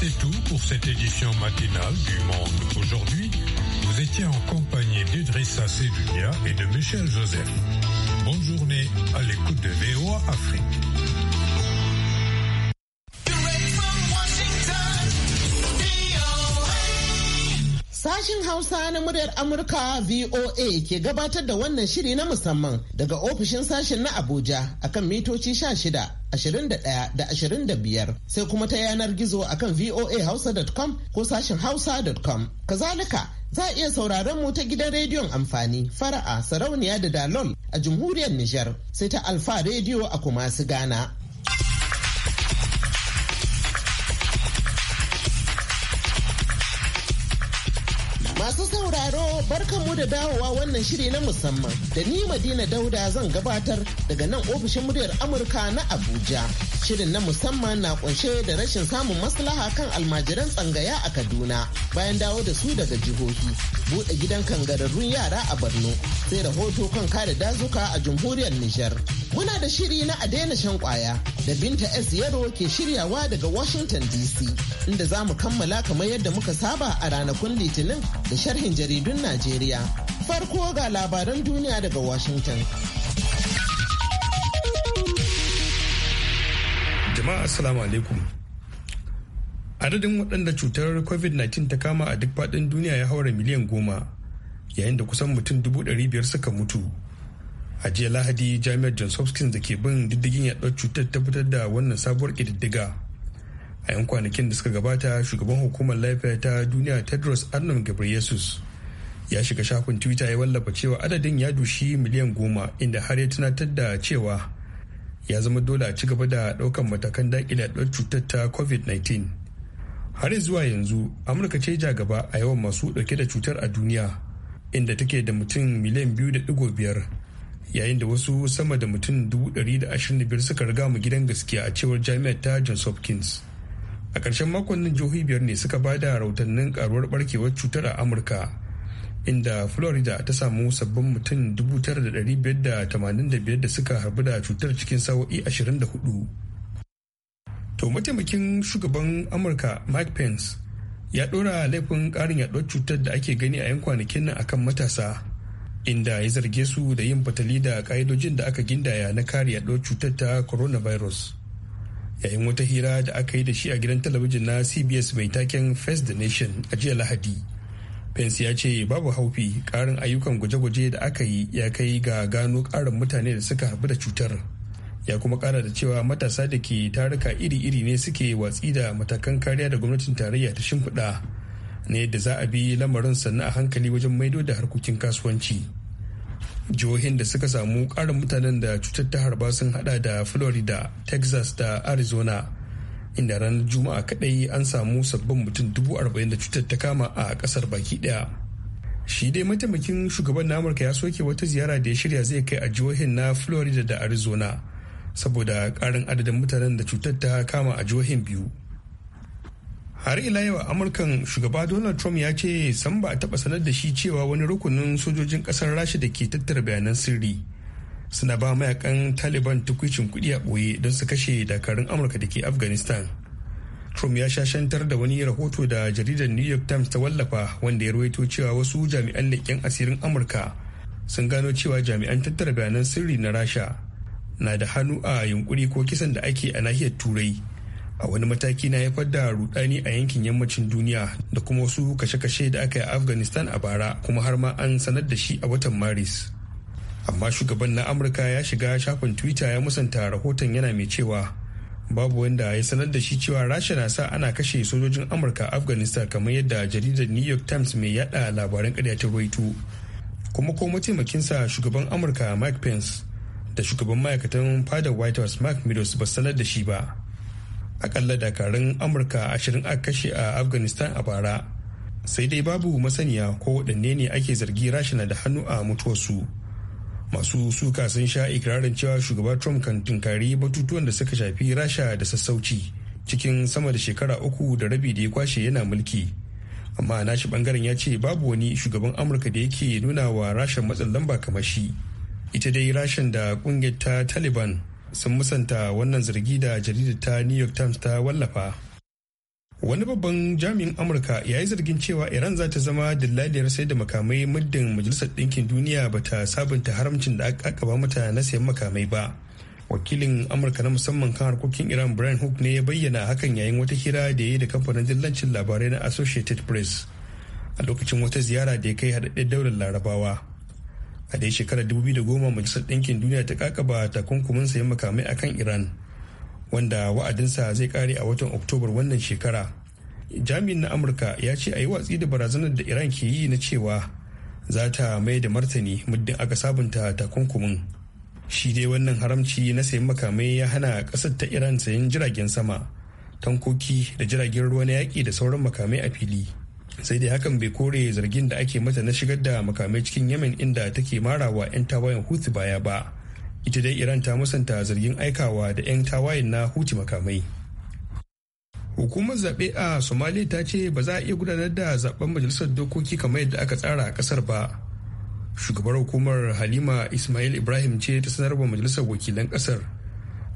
C'est tout pour cette édition matinale du Monde aujourd'hui. Vous étiez en compagnie d'Idrissa Sedunia et de Michel Joseph. Bonne journée à l'écoute de VOA Afrique. Sashin Hausa na muryar Amurka VOA ke gabatar da wannan shiri na musamman daga ofishin sashin na Abuja akan mitoci shida. 21 da da da ashirin biyar sai kuma ta yanar gizo akan voahausa.com ko sashin hausa.com. Kazalika za a iya sauraron mu ta gidan rediyon amfani fara'a sarauniya da dalol a jamhuriyar Nijar sai ta alfa rediyo a kumasi Gana. Masu sauraro barkanmu da dawowa wannan shiri na musamman da ni Madina Dauda zan gabatar daga nan ofishin muryar Amurka na Abuja. Shirin na musamman na kunshe da rashin samun maslaha kan almajiran tsangaya a Kaduna bayan dawo da su daga jihohi, buɗe gidan kangararrun yara a Borno, sai rahoto kan kare dazuka a jamhuriyar Nijar. Muna da shiri na a daina shan kwaya da Binta S Yaro ke shiryawa daga Washington DC, inda za mu kammala kamar yadda muka saba a ranakun Litinin da sharhin jaridun Najeriya. Farko ga labaran duniya daga Washington. Jama'a Assalamu alaikum. Adadin waɗanda cutar COVID-19 ta kama a duk faɗin duniya ya haura miliyan goma, yayin da kusan mutum dubu ɗari biyar suka mutu. A jiya Lahadi, Jami'ar Johns Hopkins da ke bin diddigin yaɗuwar cutar tabbatar da wannan sabuwar ƙididdiga. a 'yan kwanakin da suka gabata shugaban hukumar lafiya ta duniya tedros adhanom ghebreyesus ya shiga shafin twitter ya wallafa cewa adadin ya dushi miliyan goma inda har ya tunatar da cewa ya zama dole a ci gaba da daukan matakan daƙile yaduwar cutar ta covid-19 har zuwa yanzu amurka ce ja gaba a yawan masu ɗauke da cutar a duniya inda take da mutum miliyan biyu da digo biyar yayin da wasu sama da mutum dubu ɗari da ashirin da biyar suka riga mu gidan gaskiya a cewar jami'ar ta johns hopkins a ƙarshen makon nan jihohi biyar ne suka ba da rautannin karuwar barkewar cutar a amurka inda florida ta samu sabbin mutum 9,585 da suka harbu da cutar cikin sa'o'i 24 to mataimakin shugaban amurka mike pence ya ɗora laifin ƙarin yaɗuwar cutar da ake gani a 'yan kwanakin nan akan matasa inda ya zarge su da yin fatali da ƙa'idojin da aka gindaya na kare yaɗuwar cutar ta coronavirus. yayin wata hira da aka yi da shi a gidan talabijin na cbs mai taken first the nation a jiya lahadi pence ya ce babu haufi karin ayyukan gwaje-gwaje da aka yi ya kai ga gano karin mutane da suka harbu da cutar ya kuma kara da cewa matasa da ke taruka iri-iri ne suke watsi da matakan kariya da gwamnatin tarayya ta shimfiɗa na yadda za a bi lamarin sannu a hankali wajen maido da harkokin kasuwanci jihohin da suka samu ƙarin mutanen da cutar ta harba sun hada da florida texas da arizona inda ranar juma'a kadai an samu sabbin mutum dubu arba'in da cutar ta kama a kasar baki daya shi dai mataimakin shugaban na amurka ya soke wata ziyara da ya shirya zai kai a jihohin na florida da arizona saboda karin adadin mutanen da cutar ta kama a jihohin biyu har ila yau amurkan shugaba donald trump ya ce san ba a taba sanar da shi cewa wani rukunin sojojin kasar rasha da ke tattara bayanan sirri suna ba mayakan taliban tukwicin kudi a ɓoye don su kashe dakarun amurka da ke afghanistan trump ya shashantar da wani rahoto da jaridar new york times ta wallafa wanda ya rawaito cewa wasu jami'an leƙen asirin amurka sun gano cewa jami'an tattara bayanan sirri na rasha na da hannu a yunkuri ko kisan da ake a nahiyar turai a wani mataki na haifar da rudani a yankin yammacin duniya da kuma wasu kashe-kashe da aka yi a afghanistan a bara kuma har ma an sanar da shi a watan maris amma shugaban na amurka ya shiga shafin twitter ya musanta rahoton yana mai cewa babu wanda ya sanar da shi cewa rasha na sa ana kashe sojojin amurka a afghanistan kamar yadda jaridar new york times mai yada labaran ta ruwaito kuma ko mataimakinsa shugaban amurka mike pence da shugaban ma'aikatan fadar white house mark meadows ba sanar da shi ba akalla dakarun amurka ashirin a kashe a afghanistan a bara sai dai babu masaniya ko waɗanne ne ake zargi rashina da hannu a mutuwarsu masu suka sun sha ikirarin cewa shugaba trump kan tunkari batutuwan da suka shafi rasha da sassauci cikin sama da shekara uku da rabi da ya kwashe yana mulki amma nashi bangaren ya ce babu wani shugaban amurka da yake nuna wa rashin matsin lamba kamar shi ita dai rashin da kungiyar ta taliban sun musanta wannan zargi da jaridar ta new york times ta wallafa wani babban jami'in amurka ya yi zargin cewa iran za ta zama dillaliyar sai da makamai muddin majalisar ɗinkin duniya ba ta sabunta haramcin da aka ba mata na sayan makamai ba wakilin amurka na musamman kan harkokin iran brian hook ne ya bayyana hakan yayin wata hira da ya yi da kamfanin dillancin labarai na associated press a lokacin wata ziyara da ya kai haɗaɗɗen daular larabawa a dai shekarar 2010 majalisar ɗinkin duniya ta kakaba takunkumin sayan makamai akan iran wanda wa'adinsa zai kare a watan oktobar wannan shekara jami'in na amurka ya ce a yi watsi da barazanar da iran ke yi na cewa za ta mai da martani muddin aka sabunta takunkumin shi dai wannan haramci na sayan makamai ya hana ƙasar ta iran sayan jiragen sama tankoki da jiragen ruwa na yaƙi da sauran makamai a fili sai dai hakan bai kore zargin da ake mata na shigar da makamai cikin yemen inda take marawa 'yan tawayen hutu baya ba ita dai iran ta musanta zargin aikawa da 'yan tawayen na hutu makamai hukumar zaɓe a somalia ta ce ba za a iya gudanar da zaɓen majalisar dokoki kamar yadda aka tsara a ƙasar ba shugabar hukumar halima ismail ibrahim ce ta sanarwa majalisar wakilan ƙasar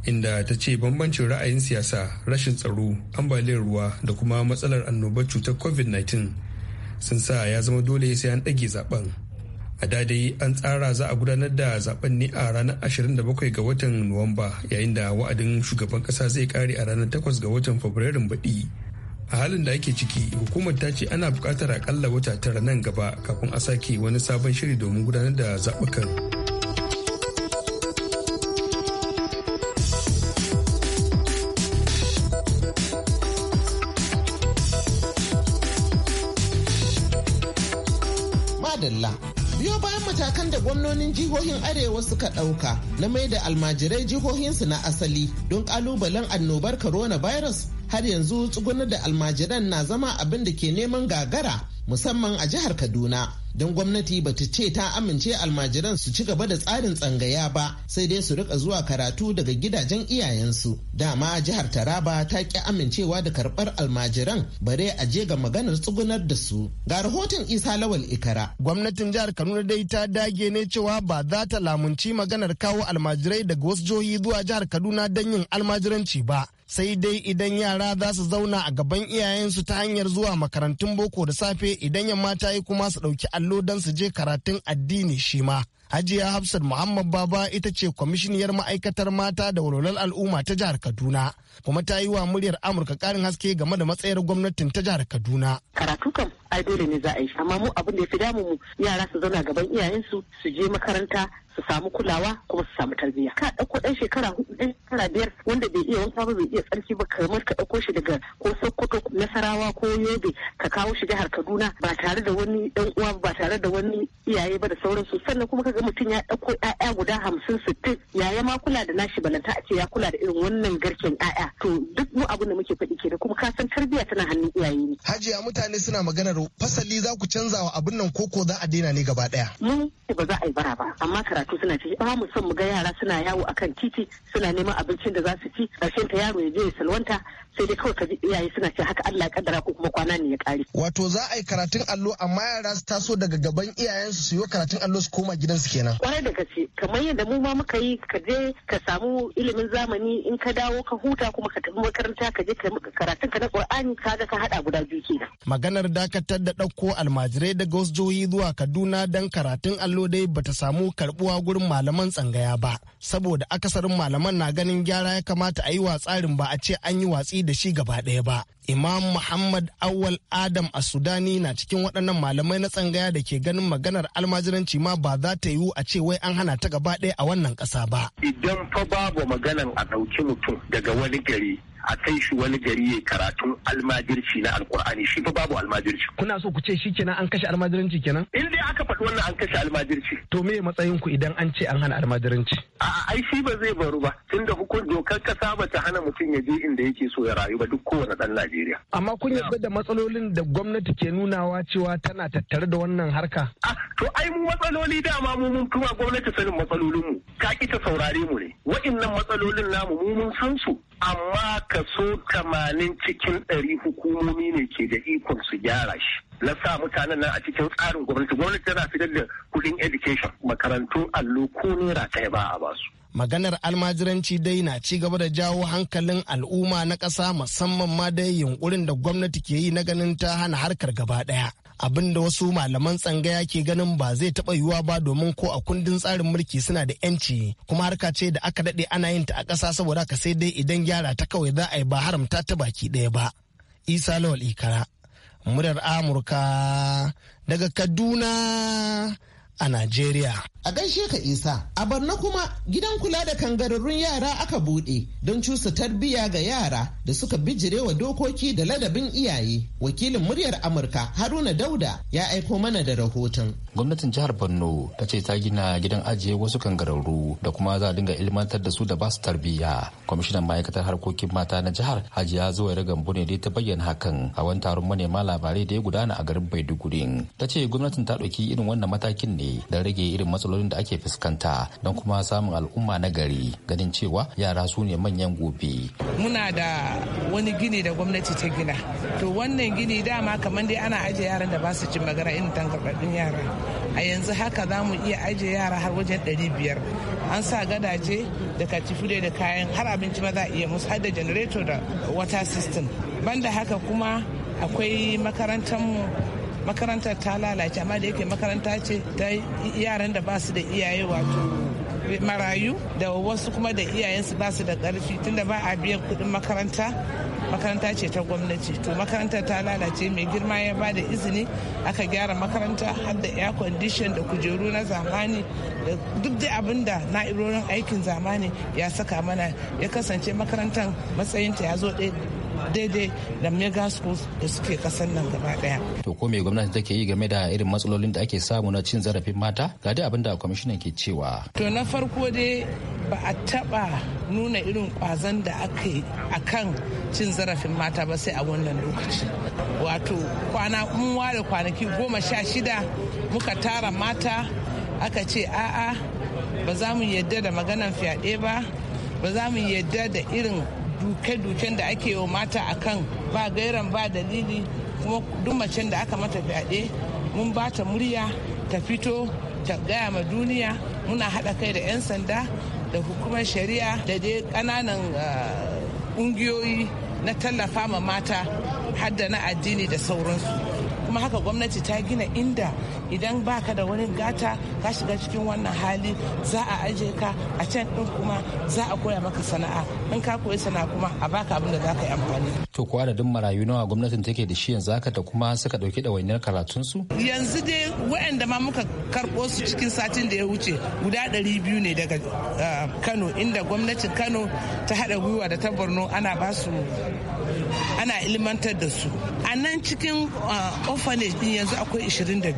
inda ta ce bambancin ra'ayin siyasa rashin tsaro ambaliyar ruwa da kuma matsalar annobar cutar covid-19 sun sa ya zama dole sai an ɗage zaben a dadai an tsara za a gudanar da zaben ne a ranar 27 ga watan nuwamba yayin da wa'adin shugaban kasa zai kare a ranar 8 ga watan fabrairun baɗi a halin da ake ciki hukumar ta ce ana buƙatar akalla wata tara nan gaba kafin a sake wani sabon shiri domin gudanar da zaɓukan. gwamnonin jihohin arewa suka ɗauka na mai da almajirai jihohinsu na asali don ƙalubalen annobar coronavirus har yanzu tsugunar da almajiran na zama abin da ke neman gagara musamman a jihar Kaduna. Don gwamnati ba ta ce ta amince almajiran su ci gaba da tsarin tsangaya ba sai dai su rika zuwa karatu daga gidajen iyayensu. Dama jihar Taraba ta ki amincewa da karɓar almajiran bare a je ga maganar tsugunar da su. Ga rahoton Isa Lawal Ikara. Gwamnatin jihar Kaduna dai ta dage ne cewa ba za ta lamunci maganar kawo almajirai daga wasu jihohi zuwa jihar Kaduna don yin almajiranci ba. sai dai idan yara za su zauna a gaban iyayensu ta hanyar zuwa makarantun boko da safe idan yamma ta yi kuma su ɗauki allo don su je karatun addini shi ma. Hajiya Hafsat Muhammad Baba ita ce kwamishiniyar ma'aikatar mata da walwalar al'umma ta jihar Kaduna. kuma ta yi wa muryar amurka karin haske game da matsayar gwamnatin ta jihar kaduna karatu kam ai dole ne za a yi amma mu abin da ya fi damu mu yara su zauna gaban iyayensu su je makaranta su samu kulawa kuma su samu tarbiyya ka ɗauko ɗan shekara hudu ɗan shekara biyar wanda bai iya wanka ba bai iya tsarki ba kamar ka ɗauko shi daga ko sokoto nasarawa ko yobe ka kawo shi jihar kaduna ba tare da wani ɗan uwa ba tare da wani iyaye ba da sauransu sannan kuma kaga mutum ya ɗauko ƴaƴa guda hamsin sittin yaya ma kula da nashi balanta a ce ya kula da irin wannan garken ƴaƴa to duk mu abin da muke faɗi kenan kuma ka san tarbiyya tana hannun iyaye ne hajiya mutane suna maganar fasali za ku canza wa abin nan koko za a daina ne gaba daya. mun ba za a yi bara ba amma karatu suna ci ba mu son mu ga yara suna yawo akan titi suna neman abincin da za su ci ƙarshen ta yaro ya je ya salwanta sai dai kawai ka ji iyaye suna ce haka Allah ya kaddara ko kuma kwana ne ya kare wato za a yi karatun allo amma yara su taso daga gaban iyayensu su yi karatun allo su koma gidansu kenan kwarai da gaske kamar yadda mu ma muka yi ka je ka samu ilimin zamani in ka dawo ka huta kuma ka tafi makaranta ka je ka karatun ka na Qur'ani kaga ka hada guda biyu kenan. Maganar dakatar da ɗauko almajirai daga wasu jihohi zuwa Kaduna don karatun allo dai bata samu karbuwa gurin malaman tsangaya ba saboda akasarin malaman na ganin gyara ya kamata a yi wa tsarin ba a ce an yi watsi da shi gaba ɗaya ba. Imam Muhammad Awal Adam a Sudani na cikin waɗannan malamai na tsangaya da ke ganin maganar almajiranci ma ba za ta yiwu a ce wai an hana ta gaba ɗaya a wannan ƙasa ba. Idan fa babu maganan a ɗauki mutum daga wani gari a kai shi wani gari ya karatun almajirci na alkur'ani shi fa babu almajirci kuna so ku ce shi kenan an kashe almajiranci kenan in dai aka faɗi wannan an kashe almajirci to me matsayin ku idan an ce an hana almajiranci a ai shi ba zai baru ba tunda hukumar dokar kasa ba ta hana mutum ya je inda yake so ya rayu ba duk kowane dan Najeriya amma kun yarda da matsalolin da gwamnati ke nunawa cewa tana tattare da wannan harka ah, to ai mu matsaloli dama mu mun kuma gwamnati sanin matsalolin mu ka ki ta saurare mu ne wa'annan matsalolin namu mu mun san su amma kaso tamanin cikin ɗari hukumomi ne ke da ikon su gyara shi na sa mutanen nan a cikin tsarin gwamnati gwamnati tana fitar da kudin education makarantu allo ko naira ɗaya ba a basu maganar almajiranci dai na ci gaba da jawo hankalin al'umma na ƙasa musamman ma dai yunkurin da gwamnati ke yi na ganin ta hana harkar gaba ɗaya abin da wasu malaman tsangaya ke ganin ba zai taɓa yiwuwa ba domin ko a kundin tsarin mulki suna da yanci kuma harka ce da aka daɗe ana yin ta a ƙasa saboda ka sai dai idan gyara ta kawai za a yi ba haramta ta baki ɗaya ba isa lawal ikara muryar amurka daga kaduna a Najeriya. A gaishe ka Isa, a Barna kuma gidan kula da kangararrun yara aka buɗe don cusa tarbiyya ga yara da suka bijirewa dokoki da ladabin iyaye. Wakilin muryar Amurka Haruna Dauda ya aiko mana da rahoton. Gwamnatin jihar Borno ta ce ta gina gidan ajiye wasu kangararru da kuma za a dinga ilmantar da su da basu tarbiyya. Kwamishinan ma'aikatar harkokin mata na jihar Hajiya zuwa Gambo ne dai ta bayyana hakan a wani taron manema labarai da ya gudana a garin Maiduguri. Ta ce gwamnatin ta ɗauki irin wannan matakin ne ne don rage irin matsalolin da ake fuskanta don kuma samun al'umma na gari ganin cewa yara su ne manyan gobe. Muna da wani gini da gwamnati ta gina. To wannan gini dama kamar dai ana ajiye yaran da ba su cin magana irin tangarɗaɗɗun yara. A yanzu haka za mu iya ajiye yara har wajen ɗari biyar. An sa gadaje da katifu da kayan har abinci ma za iya musu har da generator da water system. Banda haka kuma akwai makarantar mu makarantar ta lalace amma da yake makaranta ce ta yaran da ba su da iyaye wato marayu da wasu kuma da iyayensu ba su da ƙarfi tunda ba a biyan kuɗin makaranta makaranta ce ta gwamnati to makaranta ta lalace mai girma ya ba da izini aka gyara makaranta har da air condition da kujeru na zamani da duk da abin da na'irorin aikin zamani ya saka mana ya kasance makarantar matsayinta ya zo ɗaya daidai da mega schools da suke kasan nan gaba daya to ko me gwamnati take yi game da irin matsalolin da ake samu na cin zarafin mata ga dai abin da kwamishinan ke cewa to na farko dai ba a taba nuna irin kwazon da aka yi a kan cin zarafin mata ba sai a wannan lokaci wato kwana mun ware kwanaki goma sha shida muka tara mata aka ce a'a ba za mu yadda da maganan fyaɗe ba ba za mu yadda da irin duke-duken da ake wa mata akan ba gairan ba dalili kuma duk da aka mata fyaɗe mun ba ta murya ta fito ta gaya ma duniya muna haɗa kai da 'yan sanda da hukumar shari'a da dai ƙananan ah, ƙungiyoyi na tallafa ma mata har da na addini da sauransu kuma haka gwamnati ta gina inda idan baka da wani gata ka shiga cikin wannan hali za a aje ka a can din kuma za a koya maka sana'a in ka koyi sana'a kuma a baka abin da za ka yi amfani. to ko adadin marayu nawa gwamnatin take da shi yanzu haka da kuma suka dauki ɗawainiyar karatunsu. yanzu dai waɗanda ma muka karɓo su cikin satin da ya wuce guda ɗari biyu ne daga ah, kano inda gwamnatin kano ta haɗa gwiwa da ta borno ana ba su ana ilmantar da su a nan cikin uh, orphanage din yanzu akwai 22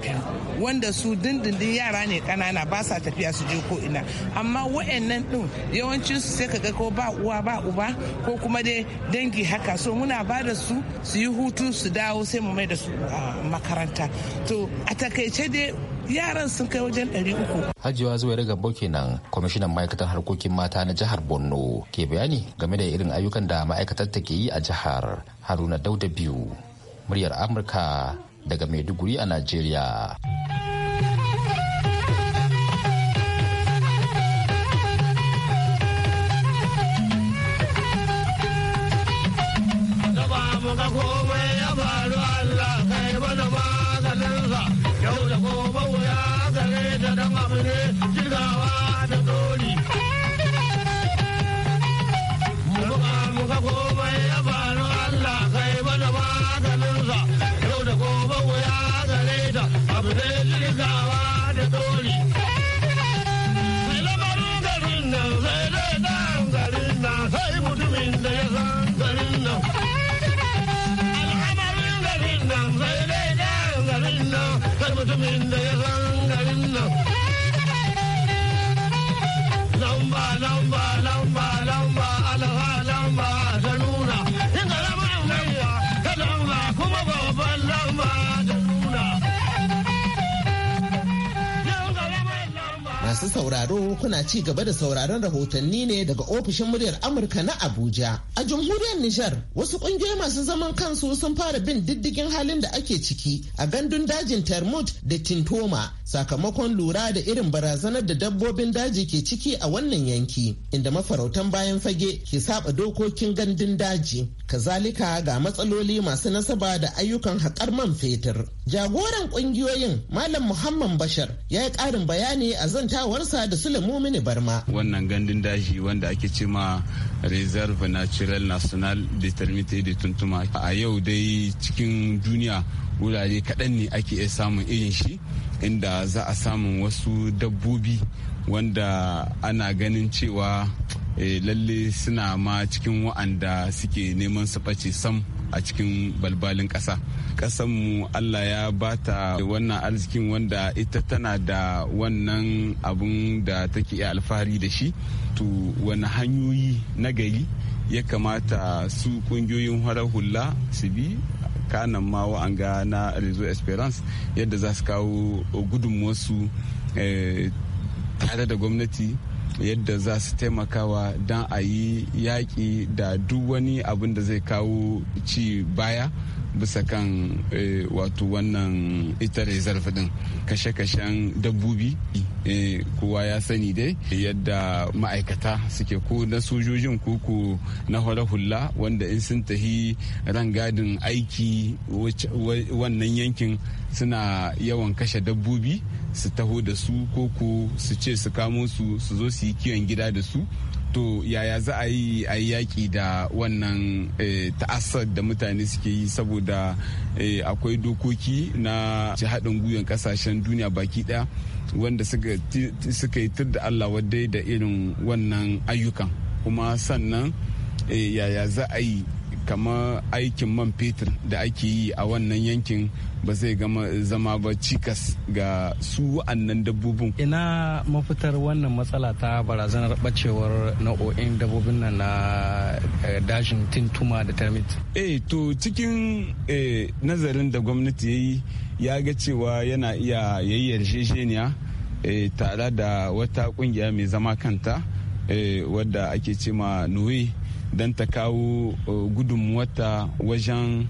wanda su dindindin yara ne kanana ba sa tafiya su je ko ina amma wa'annan din yawancin su sai kaga ko ba uwa ba uba ko kuma dai dangi haka so muna ba da su su yi hutu su dawo sai mu mai da su uh, makaranta to a takaice dai yaran sun kai wajen ɗari uku. hajiya zuwa gambo kenan kwamishinan ma'aikatan harkokin mata na jihar borno ke bayani game da irin ayyukan da ma'aikatar ta ke yi a jihar haruna dauda biyu muryar amurka daga maiduguri a najeriya Oh gawa da dori. Mai lamarin garin nan sai dai dan garin nan sai mutumin da ya san garin nan. garin nan sai dan garin nan sai mutumin da ya san garin nan. Lamba lamba sauraro kuna ci gaba da sauraron rahotanni ne daga ofishin muryar Amurka na Abuja. A jamhuriyar Nijar, wasu kungiyoyi masu zaman kansu sun fara bin diddigin halin da ake ciki a gandun dajin Termut da Tintoma sakamakon lura da irin barazanar da dabbobin daji ke ciki a wannan yanki, inda mafarautan bayan fage ke saba dokokin gandun daji. Kazalika ga matsaloli masu nasaba da ayyukan haƙar man fetur. Jagoran kungiyoyin Malam Muhammad Bashar ya yi ƙarin bayani a zantawarsa da su lemo Mini Barma. Wannan gandun daji wanda ake ce ma Reserve Natural National Determinate da Tuntuma. A yau dai cikin duniya wurare kaɗan ne ake iya samun irin shi inda za a samu wasu dabbobi wanda ana ganin cewa eh, lalle suna ma cikin wa'anda suke neman su ɓace sam a cikin balbalin ƙasa mu allah ya bata wannan arzikin wanda ita tana da wannan abun da take alfahari da shi to wani hanyoyi na gari ya kamata su ƙungiyoyin harar hula su bi kanan ma ga na rezo esperance yadda za su kawo gudunmuwarsu eh, tare da gwamnati yadda za su taimakawa don a yi yaƙi da duk wani abin da zai kawo ci baya bisa kan eh, wato wannan ita reserve din kashe-kashen dabbobi eh, kowa ya sani dai yadda ma'aikata suke ko na sojojin koko na hula hula wanda in sun tahi rangadin aiki wannan yankin suna yawan kashe dabbobi su taho da su koko su ce su kamo su su zo su yi kiwon gida da su to yaya za a yi a yaƙi da wannan eh, ta'assar da mutane suke yi saboda eh, akwai dokoki na haɗin gwiwan ƙasashen duniya baki ɗaya wanda suka yi tur da allah wadai da irin wannan ayyukan kuma sannan eh, yaya za a yi kamar aikin man fetur da ake yi a wannan yankin ba zai zama ba cikas ga su wa'annan dabbobin. Ina mafitar wannan matsala ta barazanar bacewar nau'o'in dabbobin nan na eh, dashin tintuma da termit. Eh to cikin eh, nazarin da gwamnati ya yi ya ga cewa yana iya yayyar shesheniya eh, tare da wata kungiya mai zama kanta wadda ake cema nuwe don ta kawo eh, gudunmuwata wajen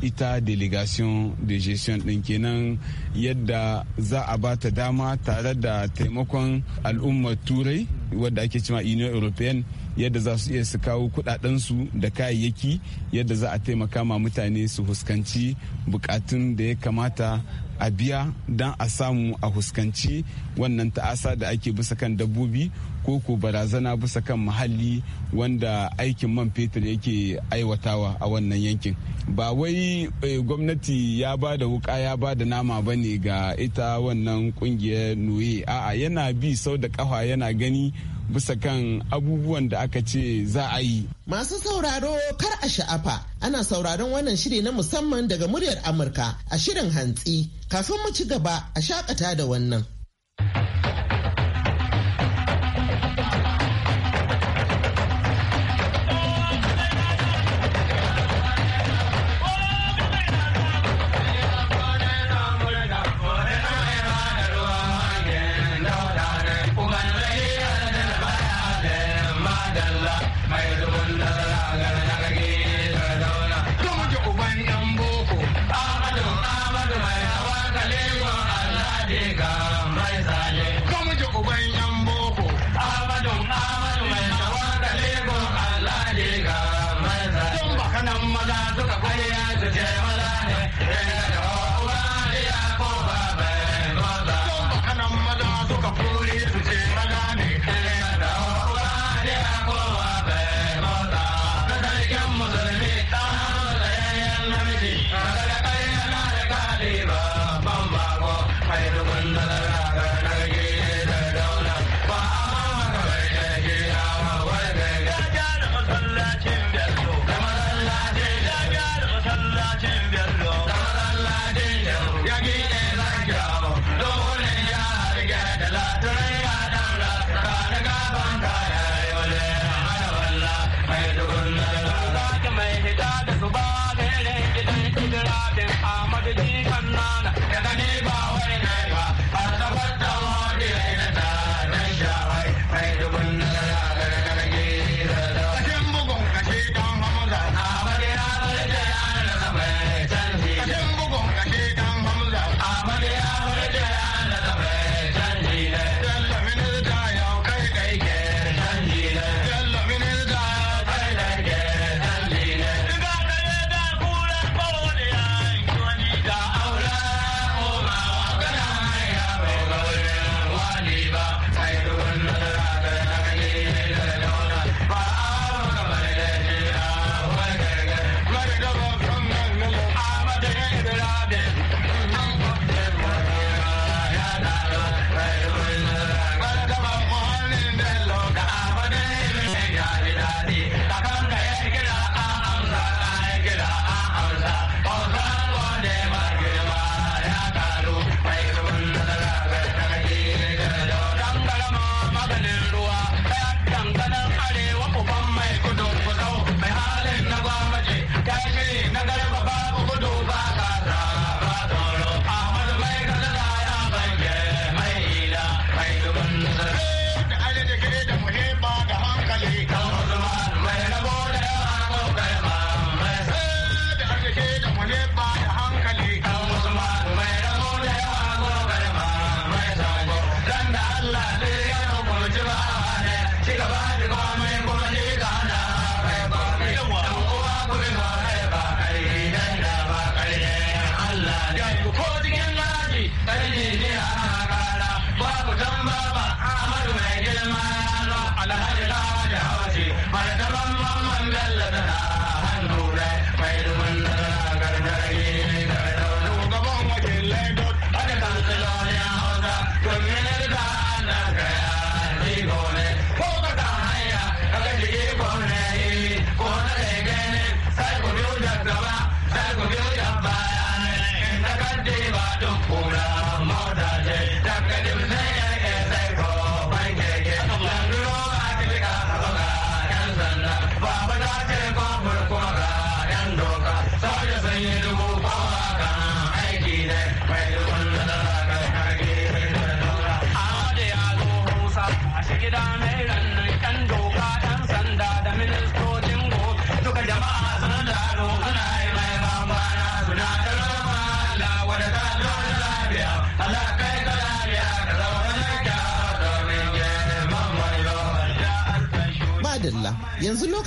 ita delegation de gestion din kenan yadda za a ba ta dama tare da taimakon al'ummar turai wadda ake cima union european yadda za su iya su kawo kudadensu da kayayyaki yadda za a taimaka ma mutane su huskanci bukatun da ya kamata a biya don a samu a huskanci wannan ta'asa da ake bisa kan dabbobi ko ko barazana bisa kan muhalli wanda aikin man fetur yake aiwatawa a wannan yankin ba wai eh, gwamnati ya ba da wuka ya ba da nama ba ne ga ita wannan kungiyar noye a'a yana bi sau da kafa yana gani bisa kan abubuwan da aka ce za a yi. Masu sauraro kar a sha'afa ana sauraron wannan shiri na musamman daga muryar Amurka a shirin hantsi kafin mu ci gaba a shakata da wannan.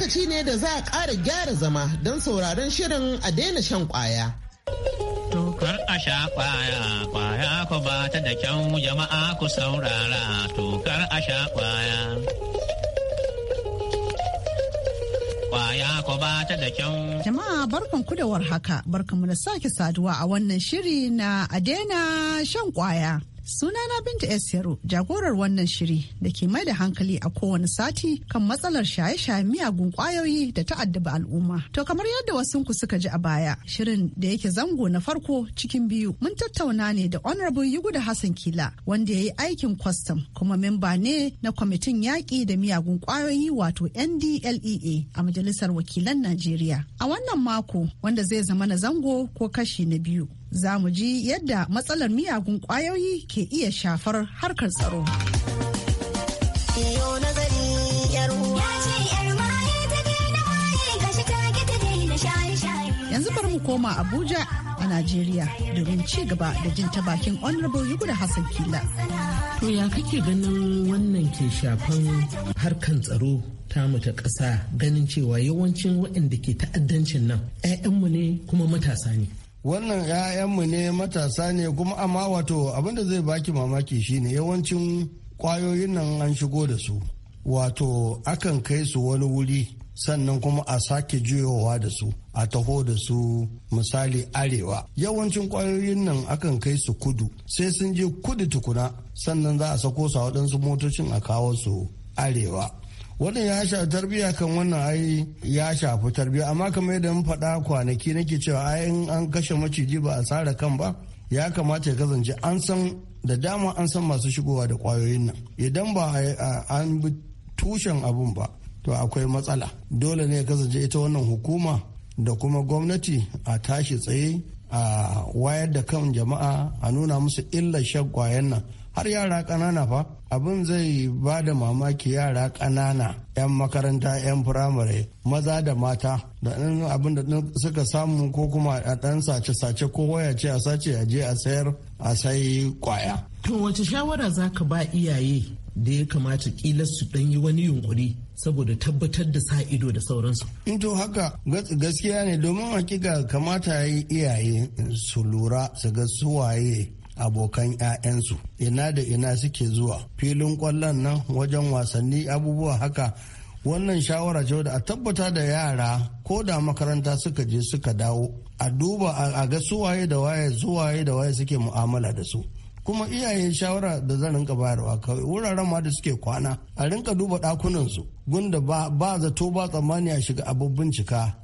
lokaci ne da za a ƙara gyara zama don sauraron shirin a daina shan ƙwaya. Tukar a sha kwaya, kwaya ku ba ta da kyau jama'a ku saurara, tukar a sha kwaya. Kwaya ku ba ta da kyau. Jama'a barkan ku da warhaka, barkan mu da sake saduwa a wannan shiri na a daina shan kwaya. Sunana Binta S. jagorar wannan shiri da ke mai da hankali a kowane sati kan matsalar shaye-shaye miyagun kwayoyi da ta'addaba al'umma. To kamar yadda wasunku suka ji a baya, shirin da yake zango na farko cikin biyu mun tattauna ne da Honorable Yugu da Hassan Kila wanda ya yi aikin kwastam kuma memba ne na kwamitin yaƙi da miyagun kwayoyi wato NDLEA a Majalisar Wakilan Najeriya. A wannan mako wanda zai zama na zango ko kashi na biyu. za mu ji yadda matsalar miyagun kwayoyi ke iya shafar harkar tsaro. Yanzu bar mu koma Abuja a Najeriya domin ci gaba da jin ta bakin Honorable da Hassan Kila. To ya kake ganin wannan ke shafan harkar tsaro tamu ta ƙasa ganin cewa yawancin waɗanda ke ta'addancin nan 'ya'yanmu ne kuma matasa ne. wannan 'ya'yanmu ne matasa ne kuma amma wato abinda zai baki mamaki shine yawancin kwayoyin nan an shigo da su wato akan kai su wani wuri sannan kuma a sake juyowa da su a taho da su misali arewa yawancin kwayoyin nan akan kai su kudu sai sun je kudu tukuna sannan za a sako su a waɗansu motocin a kawo su arewa wannan ya shafi tarbiyya kan wannan ai ya shafi tarbiyya amma kamar yadda mun faɗa kwanaki nake cewa ai in an kashe maciji ba a tsara kan ba ya kamata ya kasance an san da dama an san masu shigowa da kwayoyin nan idan ba an bi tushen abun ba to akwai matsala dole ne ya kasance ita wannan hukuma da kuma gwamnati a tashi tsaye a wayar da kan jama'a a nuna musu illar shan kwayan nan har yara ƙanana fa abin zai ba da mamaki yara ƙanana 'yan makaranta 'yan firamare maza da mata da abin da suka samu ko kuma a ɗan sace-sace ko waya ce a sace a je a sayar a sai kwaya. To wace shawara za ka ba iyaye da ya kamata kila su ɗan yi wani yunkuri saboda tabbatar da sa ido da sauransu. In to haka gaskiya ne domin hakika kamata ya yi iyaye su lura su ga suwaye abokan 'ya'yansu ina da ina suke zuwa filin kwallon nan wajen wasanni abubuwa haka wannan shawara ce da a tabbata da yara ko da makaranta suka je suka dawo a duba a ga suwaye da waye suwaye da waye suke mu'amala da su kuma iyaye shawara da zan rinka bayarwa kawai wuraren ma da suke kwana a rinka duba ɗakunansu gunda ba ba zato ba tsammani a shiga abin bincika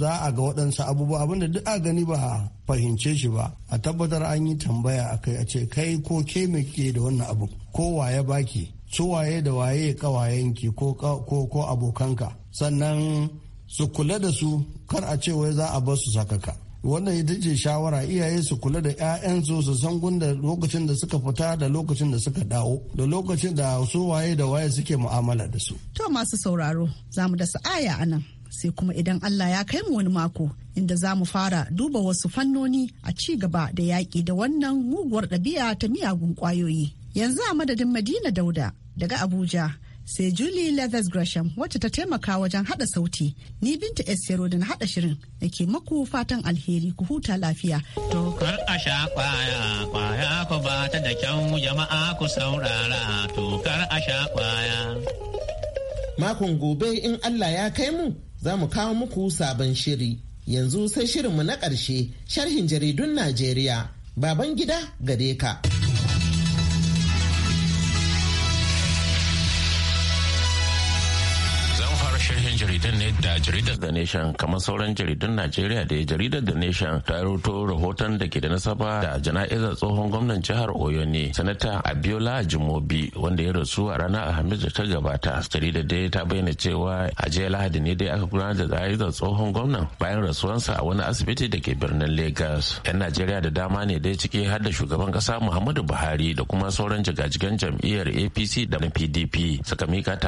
za a ga waɗansu abubuwa abinda duk a gani ba fahimce shi ba a tabbatar an yi tambaya a kai a ce kai ko ke me ke da wannan abu ko waye baki su waye da waye kawayenki ko ko abokanka sannan su kula da su kar a ce wai za a bar su sakaka wannan ita ce shawara iyaye su kula da 'ya'yansu su san gunda lokacin da suka fita da lokacin da suka dawo da lokacin da su waye da waye suke mu'amala da su. To masu sauraro za mu da sa'aya a nan sai kuma idan Allah ya kai mu wani mako inda za mu fara duba wasu fannoni a ci gaba da yaƙi da wannan muguwar ɗabi'a ta miyagun ƙwayoyi. Yanzu a madadin Madina Dauda daga Abuja. sai Julie Leathers Gresham wacce ta taimaka wajen hada sauti. Ni Binta Esther da na hada shirin da ke maku fatan alheri ku huta lafiya. To kar a sha kwaya, kwaya ku ba ta da kyan jama'a ku saurara, to kar a sha kwaya. Makon gobe in Allah ya kai mu za mu kawo muku sabon shiri. Yanzu sai shirinmu na ƙarshe sharhin jaridun Najeriya. Baban gida gare ka. jaridar ne da jaridar The Nation kamar sauran jaridun Najeriya da jaridar da Nation ta rahoto rahoton da ke da nasaba da jana'izar tsohon gwamnan jihar Oyo ne sanata Abiola jimobi wanda ya rasu a ranar Alhamis da ta gabata. Jaridar dai ta bayyana cewa a jiya Lahadi ne dai aka gudanar da jana'izar tsohon gwamnan bayan rasuwansa a wani asibiti da ke birnin Lagos. 'Yan Najeriya da dama ne dai ciki har da shugaban kasa Muhammadu Buhari da kuma sauran jigajigan jam'iyyar APC da PDP suka mika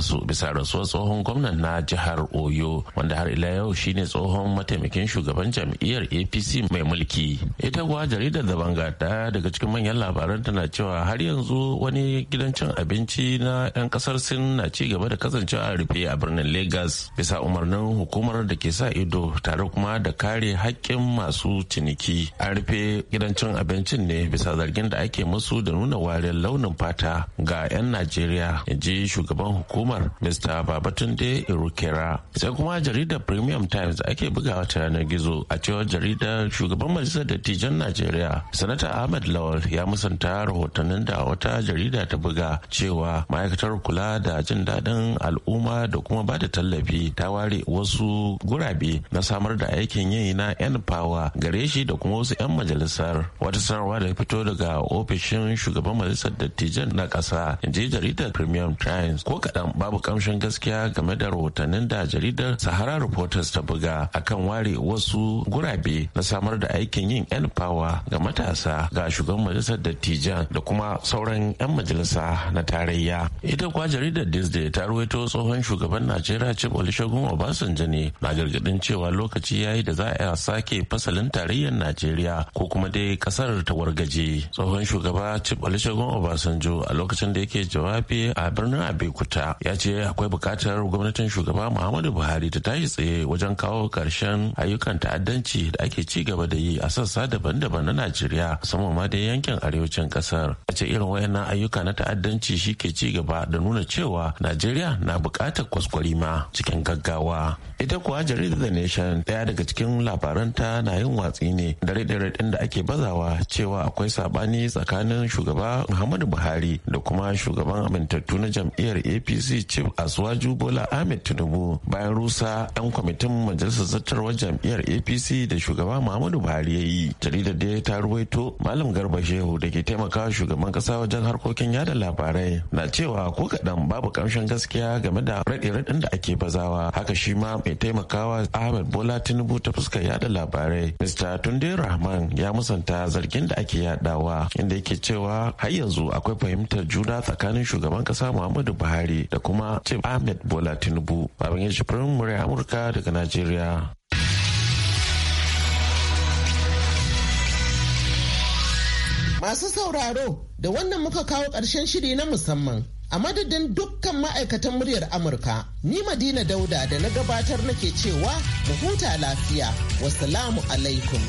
su bisa rasuwar tsohon gwamnan na jihar oyo wanda har ila yau shine tsohon mataimakin shugaban jam'iyyar apc mai mulki ita kuwa jaridar da banga daga cikin manyan labaran tana cewa har yanzu wani gidan cin abinci na 'yan kasar sin na ci gaba da kasancewa a rufe a birnin lagos bisa umarnin hukumar da ke sa ido tare kuma da kare haƙƙin masu ciniki a rufe gidan cin abincin ne bisa zargin da ake musu da nuna wariyar launin fata ga 'yan najeriya in ji shugaban hukumar mr babatunde iru Bukera. Sai kuma jaridar Premium Times ake buga ta yanar gizo a cewar jaridar shugaban majalisar dattijan Najeriya. Sanata Ahmed Lawal ya musanta rahotannin da wata jarida ta buga cewa ma'aikatar kula da jin daɗin al'umma da kuma ba da tallafi ta ware wasu gurabe na samar da aikin yi na 'yan Power, gare shi da kuma wasu 'yan majalisar. Wata sanarwa da fito daga ofishin shugaban majalisar dattijan na ƙasa in ji jaridar Premium Times ko kaɗan babu kamshin gaskiya game da rahoton rahotannin da jaridar sahara reporters ta buga akan ware wasu gurabe na samar da aikin yin 'yan fawa ga matasa ga shugaban majalisar dattijan da kuma sauran 'yan majalisa na tarayya ita kwa jaridar disney ta ruwaito tsohon shugaban najeriya chief olusegun obasanjo ne na gargadin cewa lokaci ya yi da za a sake fasalin tarayyar najeriya ko kuma dai kasar ta wargaje tsohon shugaba chief olusegun obasanjo a lokacin da yake jawabi a birnin abeokuta ya ce akwai bukatar gwamnatin shugaban shugaba muhammadu buhari ta tashi tsaye wajen kawo karshen ayyukan ta'addanci da ake ci gaba da yi a sassa daban-daban na najeriya musamman ma da yankin arewacin kasar a ce irin wayannan ayyuka na ta'addanci shi ke ci gaba da nuna cewa najeriya na buƙatar kwaskwarima cikin gaggawa ita kuwa jaridar the nation daya daga cikin labaranta na yin watsi ne da raɗe din da ake bazawa cewa akwai sabani tsakanin shugaba muhammadu buhari da kuma shugaban amintattu na jam'iyyar apc chief asuwaju bola ahmed tinubu bayan rusa dan kwamitin majalisar zartarwar jam'iyyar apc da shugaba muhammadu buhari ya yi jaridar da ta ruwaito malam garba shehu da ke taimakawa shugaban kasa wajen harkokin yada labarai na cewa ko kaɗan babu kamshin gaskiya game da raɗe din da ake bazawa haka shi ma mai taimakawa ahmed bola tinubu ta fuskar yada labarai mr tunde rahman ya musanta zargin da ake yadawa inda yake cewa har yanzu akwai fahimtar juna tsakanin shugaban kasa muhammadu buhari da kuma Chief ahmed bola tinubu Babin yashi firin murya amurka daga najeriya masu sauraro da wannan muka kawo ƙarshen shiri na musamman a madadin dukkan ma'aikatan muryar amurka ni madina dauda da na gabatar nake cewa mu huta lafiya wasalamu alaikum